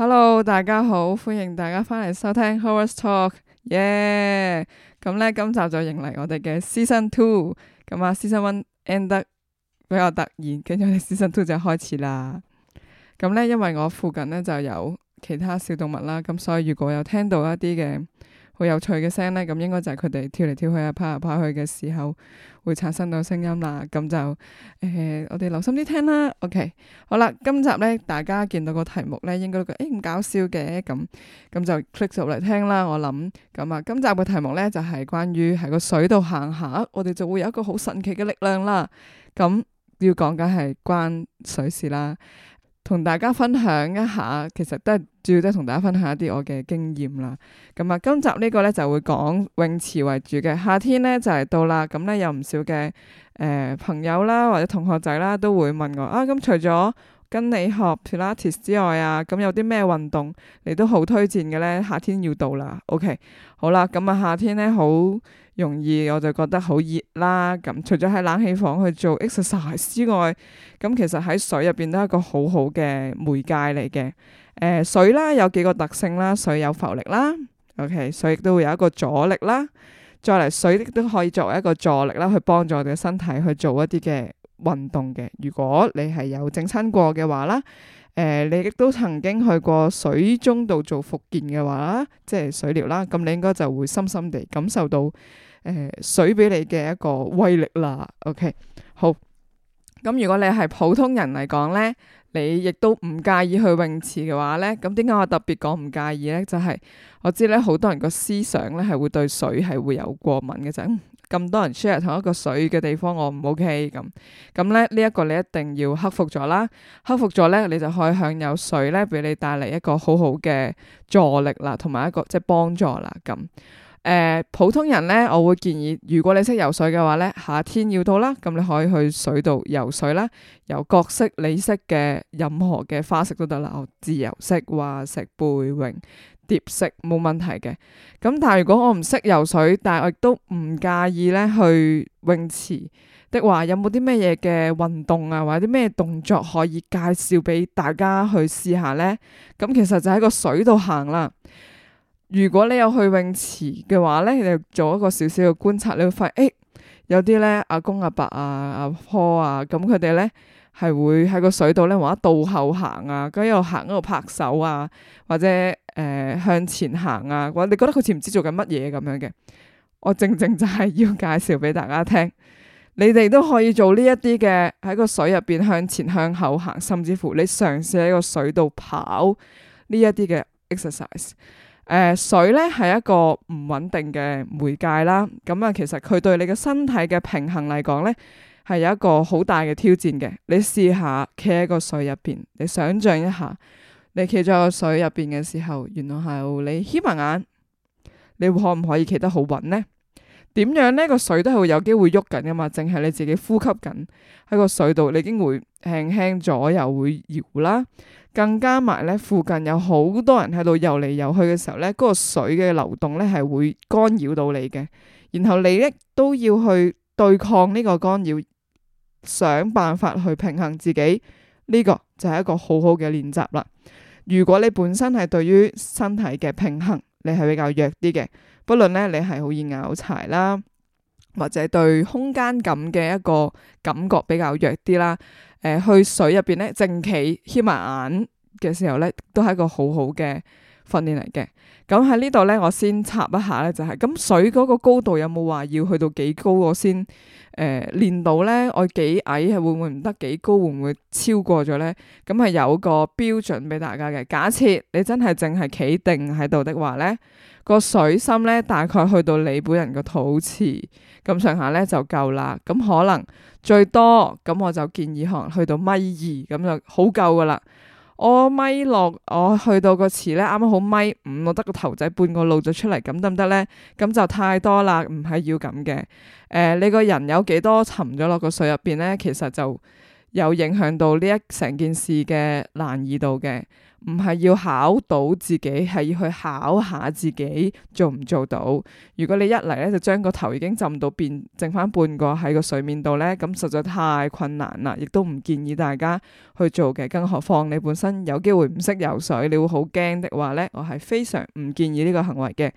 Hello，大家好，歡迎大家翻嚟收聽 Horis Talk，耶！咁咧今集就迎嚟我哋嘅 Season Two，咁啊 Season One end 得比較突然，跟住我哋 Season Two 就開始啦。咁咧因為我附近咧就有其他小動物啦，咁所以如果有聽到一啲嘅。好有趣嘅聲咧，咁應該就係佢哋跳嚟跳去啊，跑嚟跑去嘅時候會產生到聲音啦。咁就誒、呃，我哋留心啲聽啦。OK，好啦，今集咧大家見到個題目咧，應該都覺誒咁、哎、搞笑嘅咁，咁就 click 入嚟聽啦。我諗咁啊，今集嘅題目咧就係、是、關於喺個水度行下，我哋就會有一個好神奇嘅力量啦。咁要講緊係關水事啦。同大家分享一下，其實都係主要都係同大家分享一啲我嘅經驗啦。咁啊，今集呢個咧就會講泳池為主嘅，夏天咧就嚟到啦。咁咧有唔少嘅誒、呃、朋友啦或者同學仔啦都會問我啊，咁、嗯、除咗跟你學 Pilates 之外啊，咁、嗯、有啲咩運動你都好推薦嘅咧？夏天要到啦，OK，好啦，咁、嗯、啊夏天咧好。容易我就覺得好熱啦，咁、嗯、除咗喺冷氣房去做 exercise 之外，咁、嗯、其實喺水入邊都係一個好好嘅媒介嚟嘅。誒、呃、水啦有幾個特性啦，水有浮力啦，OK，水亦都會有一個阻力啦。再嚟水亦都可以作為一個助力啦，去幫助我哋嘅身體去做一啲嘅運動嘅。如果你係有整親過嘅話啦，誒、呃、你亦都曾經去過水中度做復健嘅話啦，即係水療啦，咁你應該就會深深地感受到。誒，水俾你嘅一個威力啦。OK，好。咁如果你係普通人嚟講咧，你亦都唔介意去泳池嘅話咧，咁點解我特別講唔介意咧？就係我知咧，好多人個思想咧係會對水係會有過敏嘅，就咁多人 share 同一個水嘅地方，我唔 OK 咁。咁咧呢一個你一定要克服咗啦，克服咗咧，你就可以享有水咧俾你帶嚟一個好好嘅助力啦，同埋一個即係幫助啦咁。誒、呃，普通人咧，我會建議，如果你識游水嘅話咧，夏天要到啦，咁你可以去水度游水啦，由各式你識嘅任何嘅花式都得啦，自由式、蛙式、背泳、蝶式，冇問題嘅。咁但係如果我唔識游水，但係我亦都唔介意咧去泳池的話，有冇啲咩嘢嘅運動啊，或者啲咩動作可以介紹俾大家去試下咧？咁其實就喺個水度行啦。如果你有去泳池嘅話咧，你做一個少少嘅觀察，你會發現，誒、哎，有啲咧阿公阿伯阿、啊、阿婆啊，咁佢哋咧係會喺個水度咧，或者倒後行啊，咁又行嗰度拍手啊，或者誒、呃、向前行啊，話你覺得佢似唔知做緊乜嘢咁樣嘅？我正正就係要介紹俾大家聽，你哋都可以做呢一啲嘅喺個水入邊向前向後行，甚至乎你嘗試喺個水度跑呢一啲嘅 exercise。水咧係一個唔穩定嘅媒介啦。咁啊，其實佢對你嘅身體嘅平衡嚟講咧，係有一個好大嘅挑戰嘅。你試下企喺個水入邊，你想象一下，你企咗個水入邊嘅時候，原來係你眯埋眼，你可唔可以企得好穩呢？點樣呢？個水都係會有機會喐緊噶嘛，淨係你自己呼吸緊喺個水度，你已經會輕輕左右會搖啦。更加埋咧，附近有好多人喺度游嚟游去嘅時候咧，嗰個水嘅流動咧係會干擾到你嘅，然後你咧都要去對抗呢個干擾，想辦法去平衡自己，呢個就係一個好好嘅練習啦。如果你本身係對於身體嘅平衡，你係比較弱啲嘅，不論咧你係好易拗柴啦，或者對空間感嘅一個感覺比較弱啲啦。誒、呃，去水入邊咧，正企瞌埋眼嘅時候咧，都係一個好好嘅。訓練嚟嘅，咁喺呢度咧，我先插一下咧、就是，就係咁，水嗰個高度有冇話要去到幾高我先誒練、呃、到咧？我幾矮係會唔會唔得？幾高會唔會超過咗咧？咁係有個標準俾大家嘅。假設你真係淨係企定喺度的話咧，個水深咧，大概去到你本人嘅肚臍咁上下咧就夠啦。咁可能最多咁我就建議可能去到米二咁就好夠噶啦。我米六，我去到個池咧，啱啱好米五，我得個頭仔半個露咗出嚟，咁得唔得咧？咁就太多啦，唔係要咁嘅。誒、呃，你個人有幾多沉咗落個水入邊咧？其實就。有影響到呢一成件事嘅難易度嘅，唔係要考到自己，係要去考下自己做唔做到。如果你一嚟咧就將個頭已經浸到變剩翻半個喺個水面度咧，咁實在太困難啦，亦都唔建議大家去做嘅。更何況你本身有機會唔識游水，你會好驚嘅話咧，我係非常唔建議呢個行為嘅。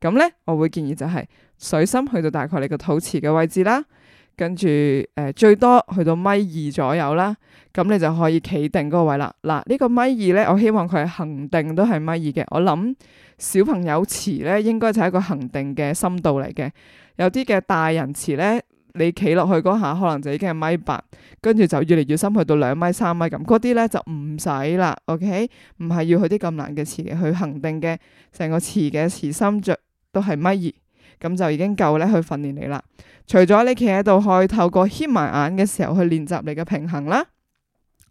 咁咧，我會建議就係水深去到大概你個肚臍嘅位置啦。跟住，誒、呃、最多去到米二左右啦，咁你就可以企定嗰個位啦。嗱，呢個米二咧，我希望佢係恒定都係米二嘅。我諗小朋友池咧，應該就係一個恒定嘅深度嚟嘅。有啲嘅大人池咧，你企落去嗰下，可能就已經係米八，跟住就越嚟越深，去到兩米三米咁。嗰啲咧就唔使啦，OK？唔係要去啲咁難嘅池嘅，去恒定嘅成個池嘅池深着都係米二。咁就已經夠咧去訓練你啦。除咗你企喺度，可以透過牽埋眼嘅時候去練習你嘅平衡啦。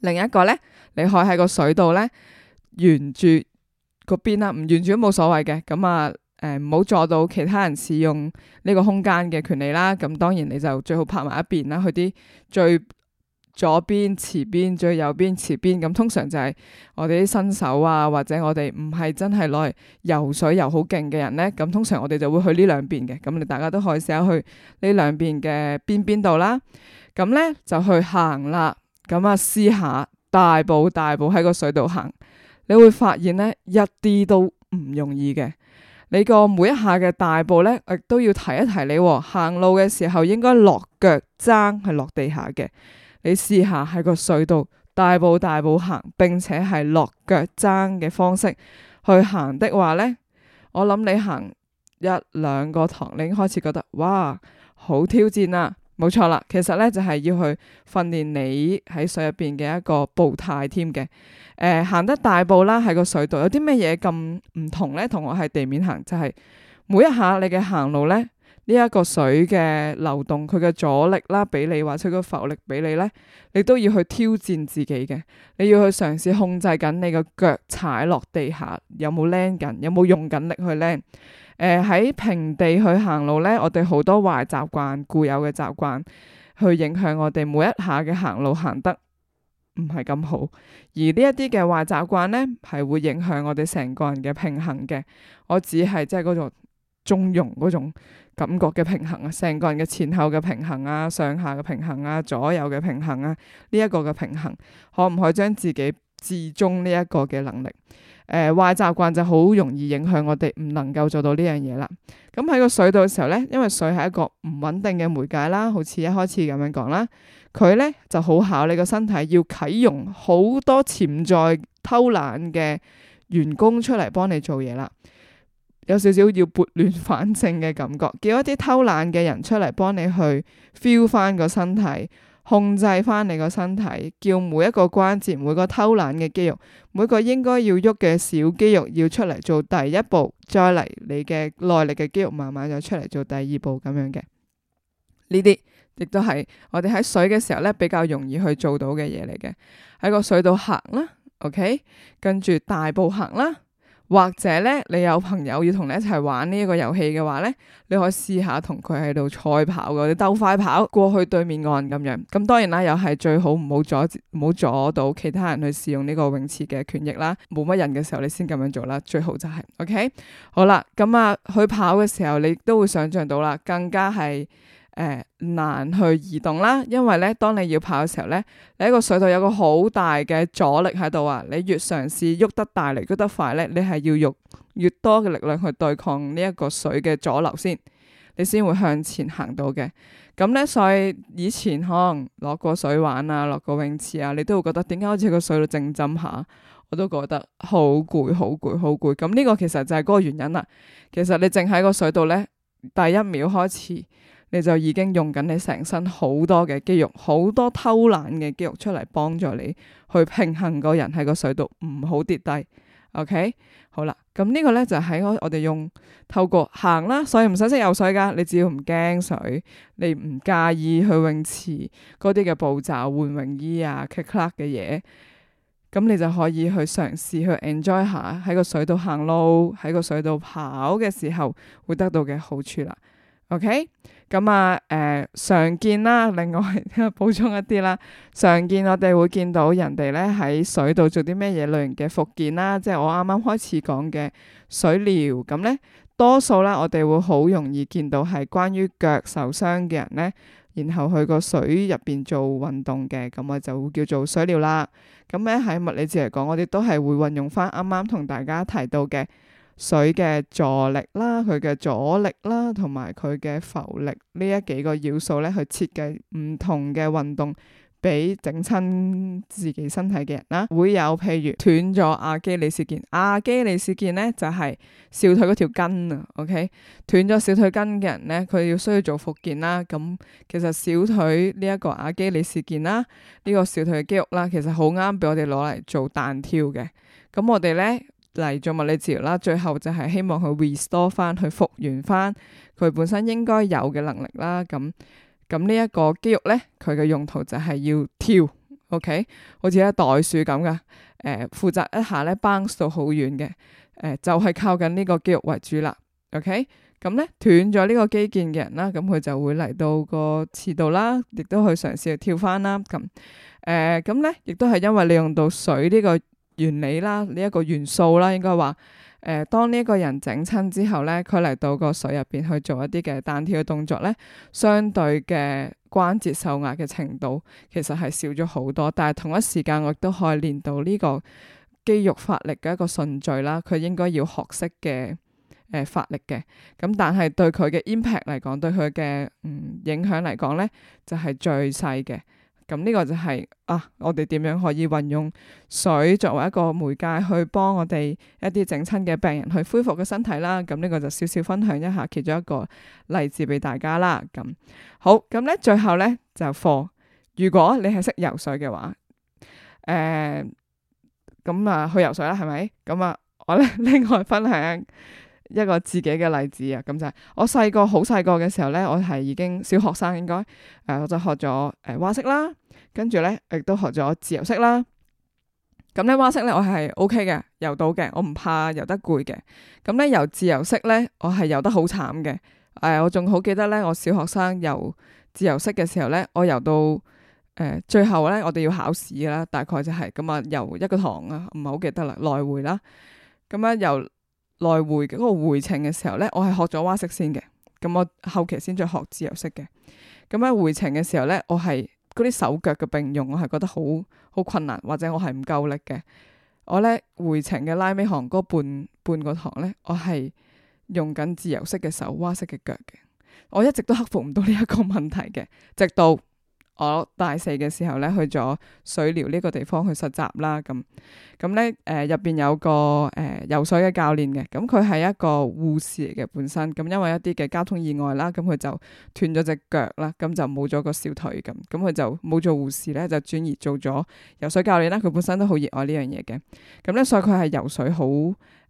另一個咧，你可以喺個水度咧，沿住個邊啦，唔沿住都冇所謂嘅。咁啊，誒、呃，唔好阻到其他人使用呢個空間嘅權利啦。咁當然你就最好拍埋一邊啦，去啲最。左邊池邊，最右邊池邊咁，通常就係我哋啲新手啊，或者我哋唔係真係攞嚟游水游好勁嘅人咧。咁通常我哋就會去呢兩邊嘅，咁你大家都可以試下去呢兩邊嘅邊邊度啦。咁咧就去行啦，咁啊試下大步大步喺個水度行，你會發現咧一啲都唔容易嘅。你個每一下嘅大步咧，亦都要提一提你喎，行路嘅時候應該落腳踭係落地下嘅。你試下喺個水度大步大步行，並且係落腳踭嘅方式去行的話咧，我諗你行一兩個堂，你已經開始覺得哇好挑戰啦！冇錯啦，其實咧就係要去訓練你喺水入邊嘅一個步態添嘅。誒、呃，行得大步啦，喺個水度有啲咩嘢咁唔同咧？同我喺地面行就係每一下你嘅行路咧。呢一個水嘅流動，佢嘅阻力啦，俾你或者個浮力俾你咧，你都要去挑戰自己嘅，你要去嘗試控制緊你個腳踩落地下有冇踭緊，有冇用緊力去踭。誒、呃、喺平地去行路咧，我哋好多壞習慣、固有嘅習慣，去影響我哋每一下嘅行路行得唔係咁好。而呢一啲嘅壞習慣咧，係會影響我哋成個人嘅平衡嘅。我只係即係嗰種。就是中庸嗰種感覺嘅平衡啊，成個人嘅前後嘅平衡啊，上下嘅平衡啊，左右嘅平衡啊，呢、這、一個嘅平衡可唔可以將自己至中呢一個嘅能力？誒、呃，壞習慣就好容易影響我哋唔能夠做到呢樣嘢啦。咁喺個水度嘅時候咧，因為水係一個唔穩定嘅媒介啦，好似一開始咁樣講啦，佢咧就好考你個身體要啟用好多潛在偷懶嘅員工出嚟幫你做嘢啦。有少少要撥亂反正嘅感覺，叫一啲偷懶嘅人出嚟幫你去 feel 翻個身體，控制翻你個身體，叫每一個關節、每個偷懶嘅肌肉、每個應該要喐嘅小肌肉要出嚟做第一步，再嚟你嘅耐力嘅肌肉慢慢就出嚟做第二步咁樣嘅。呢啲亦都係我哋喺水嘅時候咧比較容易去做到嘅嘢嚟嘅。喺個水度行啦，OK，跟住大步行啦。或者咧，你有朋友要同你一齊玩呢一個遊戲嘅話咧，你可以試下同佢喺度賽跑嘅，你鬥快跑過去對面岸咁樣。咁當然啦，又係最好唔好阻唔好阻到其他人去試用呢個泳池嘅權益啦。冇乜人嘅時候，你先咁樣做啦。最好就係，OK，好啦。咁啊，佢跑嘅時候，你都會想象到啦，更加係。誒，難去移動啦，因為咧，當你要跑嘅時候咧，你喺個水度有個好大嘅阻力喺度啊！你越嘗試喐得大，嚟喐得快咧，你係要用越多嘅力量去對抗呢一個水嘅阻力先，你先會向前行到嘅。咁咧，所以以前可能落過水玩啊，落過泳池啊，你都會覺得點解好似個水度靜浸下，我都覺得好攰、好攰、好攰。咁呢個其實就係嗰個原因啦。其實你淨喺個水度咧，第一秒開始。你就已經用緊你成身好多嘅肌肉，好多偷懶嘅肌肉出嚟幫助你去平衡個人喺個水度唔好跌低。OK，好啦，咁、嗯，這個、呢個咧就喺、是、我哋用透過行啦，所以唔使識游水噶，你只要唔驚水，你唔介意去泳池嗰啲嘅步驟換泳衣啊 kick-clack 嘅嘢，咁、嗯、你就可以去嘗試去 enjoy 下喺個水度行路，喺個水度跑嘅時候會得到嘅好處啦。OK，咁啊，誒，常見啦，另外補 充一啲啦，常見我哋會見到人哋咧喺水度做啲咩嘢類型嘅復健啦，即係我啱啱開始講嘅水療。咁咧，多數啦，我哋會好容易見到係關於腳受傷嘅人咧，然後去個水入邊做運動嘅，咁我就會叫做水療啦。咁咧喺物理治療嚟講，我哋都係會運用翻啱啱同大家提到嘅。水嘅助力啦，佢嘅阻力啦，同埋佢嘅浮力呢一幾個要素咧，去設計唔同嘅運動俾整親自己身體嘅人啦。會有譬如斷咗阿基里斯腱，阿基里斯腱咧就係小腿嗰條筋啊。OK，斷咗小腿筋嘅人咧，佢要需要做復健啦。咁其實小腿呢一個阿基里斯腱啦，呢個小腿肌肉啦，其實好啱俾我哋攞嚟做彈跳嘅。咁我哋咧。嚟做物理治療啦，最後就係希望佢 restore 翻，佢復原翻佢本身應該有嘅能力啦。咁咁呢一個肌肉咧，佢嘅用途就係要跳，OK，好似一袋鼠咁噶。誒、呃，負責一下咧 bounce 到好遠嘅，誒、呃、就係靠近呢個肌肉為主啦。OK，咁咧斷咗呢個肌腱嘅人啦，咁佢就會嚟到個池度啦，亦都去嘗試去跳翻啦。咁誒咁咧，亦都係因為利用到水呢個原理啦，呢一個元素啦，應該話，誒，當呢一個人整親之後咧，佢嚟到個水入邊去做一啲嘅彈跳嘅動作咧，相對嘅關節受壓嘅程度其實，係少咗好多，但係同一時間，我亦都可以練到呢個肌肉發力嘅一個順序啦，佢應該要學識嘅誒，發力嘅，咁但係對佢嘅 impact 嚟講，對佢嘅嗯影響嚟講咧，就係最細嘅。咁呢個就係、是、啊，我哋點樣可以運用水作為一個媒介去幫我哋一啲整親嘅病人去恢復個身體啦。咁、這、呢個就少少分享一下其中一個例子俾大家啦。咁、嗯、好，咁咧最後咧就課，如果你係識游水嘅話，誒、呃，咁啊去游水啦，係咪？咁啊，我咧另外分享。一個自己嘅例子啊，咁就係我細個好細個嘅時候咧，我係已經小學生應該誒、呃，我就學咗誒蛙式啦，跟住咧亦都學咗自由式啦。咁咧蛙式咧我係 O K 嘅，游到嘅，我唔怕游得攰嘅。咁咧游自由式咧，我係游得好慘嘅。誒、呃，我仲好記得咧，我小學生游自由式嘅時候咧，我游到誒、呃、最後咧，我哋要考試啦，大概就係咁啊，游一個堂啊，唔係好記得啦，來回啦，咁樣游。嗯來回嗰個回程嘅時候咧，我係學咗蛙式先嘅，咁我後期先再學自由式嘅。咁喺回程嘅時候咧，我係嗰啲手腳嘅並用，我係覺得好好困難，或者我係唔夠力嘅。我咧回程嘅拉尾行嗰半半個堂咧，我係用緊自由式嘅手蛙式嘅腳嘅，我一直都克服唔到呢一個問題嘅，直到。我大四嘅時候咧，去咗水療呢個地方去實習啦，咁咁咧，誒入邊有個誒、呃、游水嘅教練嘅，咁佢係一個護士嚟嘅本身，咁因為一啲嘅交通意外啦，咁佢就斷咗隻腳啦，咁就冇咗個小腿咁，咁佢就冇做護士咧，就轉而做咗游水教練啦，佢本身都好熱愛呢樣嘢嘅，咁咧所以佢係游水好。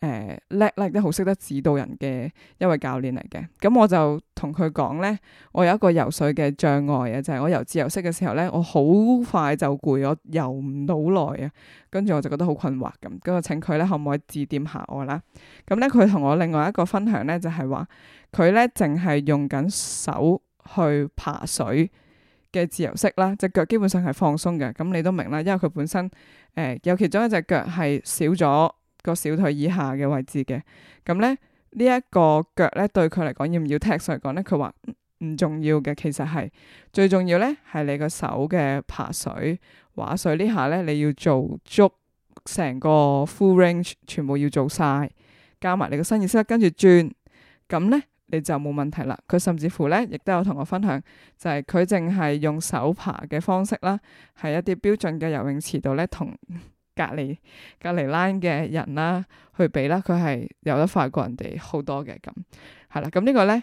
誒叻叻，都好識得指導人嘅一位教練嚟嘅。咁我就同佢講咧，我有一個游水嘅障礙啊，就係我游自由式嘅時候咧，我好快就攰，我游唔到耐啊。跟住我就覺得好困惑咁，咁我請佢咧可唔可以指點下我啦。咁咧佢同我另外一個分享咧就係話，佢咧淨係用緊手去爬水嘅自由式啦，隻腳基本上係放鬆嘅。咁你都明啦，因為佢本身誒有、呃、其中一隻腳係少咗。個小腿以下嘅位置嘅，咁咧呢一個腳咧對佢嚟講要唔要踢，上嚟講咧佢話唔重要嘅，其實係最重要咧係你個手嘅爬水、劃水下呢下咧你要做足成個 full range，全部要做晒，加埋你個新意識，跟住轉，咁咧你就冇問題啦。佢甚至乎咧亦都有同我分享，就係佢淨係用手爬嘅方式啦，喺一啲標準嘅游泳池度咧同，隔籬隔籬欄嘅人啦，啊，去比啦,佢係游得快過人哋好多嘅。咁，係啦。咁呢個咧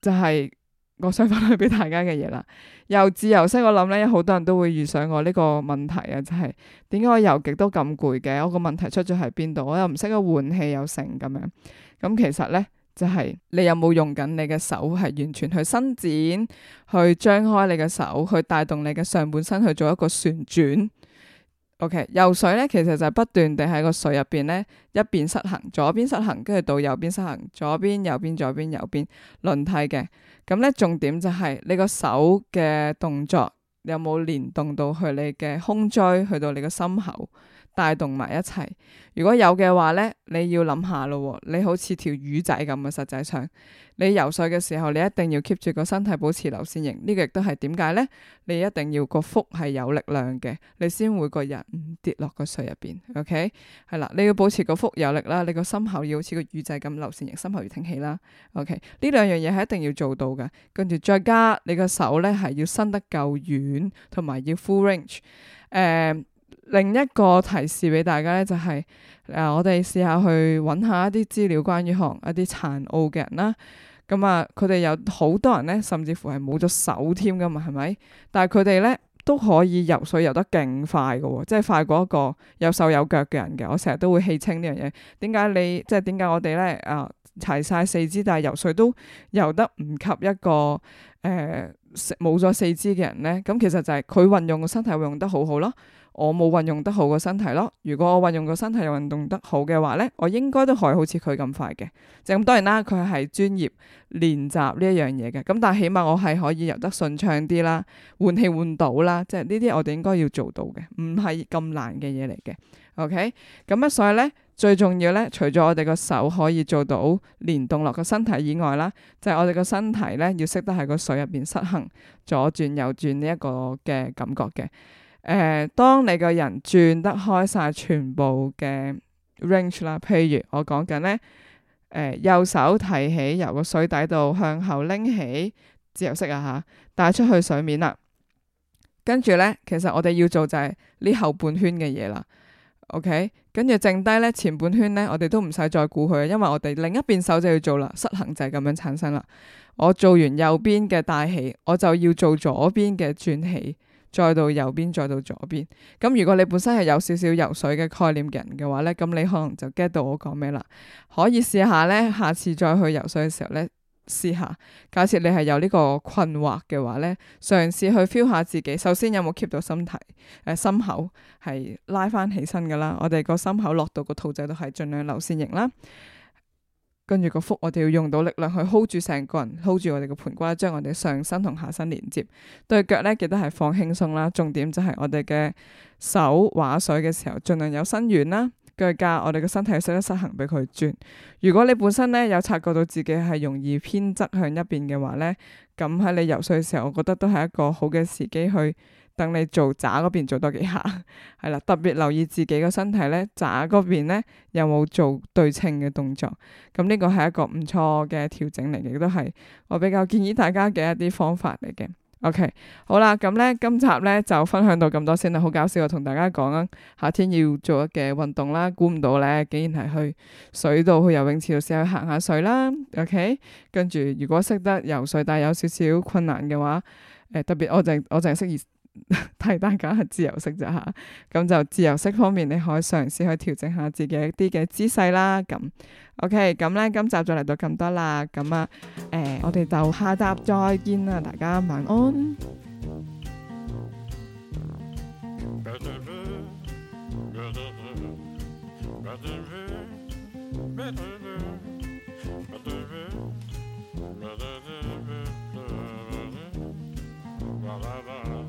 就係、是、我想分享俾大家嘅嘢啦。由自由式，我諗咧，好多人都會遇上我呢個問題啊，就係點解我游極都咁攰嘅？我個問題出咗喺邊度？我又唔識得換氣又成咁樣。咁其實咧就係、是、你有冇用緊你嘅手，係完全去伸展，去張開你嘅手，去帶動你嘅上半身去做一個旋轉。O.K. 游水咧，其實就係不斷地喺個水入邊咧一邊失衡，左邊失衡，跟住到右邊失衡，左邊、右邊、左邊、右邊，輪替嘅。咁咧重點就係、是、你個手嘅動作有冇連動到去你嘅胸椎，去到你個心口。帶動埋一齊。如果有嘅話咧，你要諗下咯。你好似條魚仔咁啊，實際上你游水嘅時候，你一定要 keep 住個身體保持流線型。這個、呢個亦都係點解咧？你一定要個腹係有力量嘅，你先會個人跌落個水入邊。OK，係啦，你要保持個腹有力啦，你個心口要好似個魚仔咁流線型，心口要挺起啦。OK，呢兩樣嘢係一定要做到噶。跟住再加你個手咧，係要伸得夠遠，同埋要 full range、嗯。誒。另一個提示俾大家咧，就係、是、誒、呃，我哋試下去搵下一啲資料，關於行一啲殘奧嘅人啦。咁、嗯、啊，佢哋有好多人咧，甚至乎係冇咗手添噶嘛，係咪？但係佢哋咧都可以游水游得勁快噶，哦，即係快過一個有手有腳嘅人嘅。我成日都會戲稱呢樣嘢，點解你即係點解我哋咧誒，齊晒四肢，但係游水都游得唔及一個誒冇咗四肢嘅人咧？咁、嗯、其實就係佢運用個身體會用得好好咯。我冇運用得好個身體咯。如果我運用個身體運動得好嘅話咧，我應該都可以好似佢咁快嘅。就咁當然啦，佢係專業練習呢一樣嘢嘅。咁但係起碼我係可以游得順暢啲啦，換氣換到啦，即係呢啲我哋應該要做到嘅，唔係咁難嘅嘢嚟嘅。OK，咁啊，所以咧最重要咧，除咗我哋個手可以做到連動落個身體以外啦，就係我哋個身體咧要識得喺個水入邊失衡，左轉右轉呢一個嘅感覺嘅。誒、呃，當你個人轉得開晒全部嘅 range 啦，譬如我講緊咧，誒、呃、右手提起由個水底度向後拎起自由式啊吓，帶出去水面啦，跟住咧，其實我哋要做就係呢後半圈嘅嘢啦，OK，跟住剩低咧前半圈咧，我哋都唔使再估佢，因為我哋另一邊手就要做啦，失衡就係咁樣產生啦。我做完右邊嘅帶起，我就要做左邊嘅轉起。再到右邊，再到左邊。咁如果你本身係有少少游水嘅概念嘅人嘅話呢咁你可能就 get 到我講咩啦。可以試下呢，下次再去游水嘅時候呢，試下。假設你係有呢個困惑嘅話呢嘗試去 feel 下自己。首先有冇 keep 到心體誒、呃、心口係拉翻起身噶啦？我哋個心口落到個肚仔都係盡量流線型啦。跟住個腹，我哋要用到力量去 hold 住成個人，hold 住我哋個盆骨，將我哋上身同下身連接。對腳咧，記得係放輕鬆啦。重點就係我哋嘅手劃水嘅時候，盡量有伸遠啦，腳架我哋嘅身體，使一使行俾佢轉。如果你本身咧，有察覺到自己係容易偏側向一邊嘅話咧，咁喺你游水嘅時候，我覺得都係一個好嘅時機去。等你做咋嗰邊做多幾下，係啦，特別留意自己個身體咧，咋嗰邊咧有冇做對稱嘅動作？咁呢個係一個唔錯嘅調整嚟嘅，亦都係我比較建議大家嘅一啲方法嚟嘅。OK，好啦，咁咧今集咧就分享到咁多先啦。好搞笑啊！同大家講啊，夏天要做嘅運動啦，估唔到咧竟然係去水度去游泳池度試下行下水啦。OK，跟住如果識得游水，但係有少少困難嘅話，誒特別我淨我淨係識 提大家係自由式咋吓，咁 就自由式方面，你可以嘗試去調整下自己一啲嘅姿勢啦。咁 ，OK，咁咧今集就嚟到咁多啦。咁啊，誒，我哋就下集再見啦，大家晚安。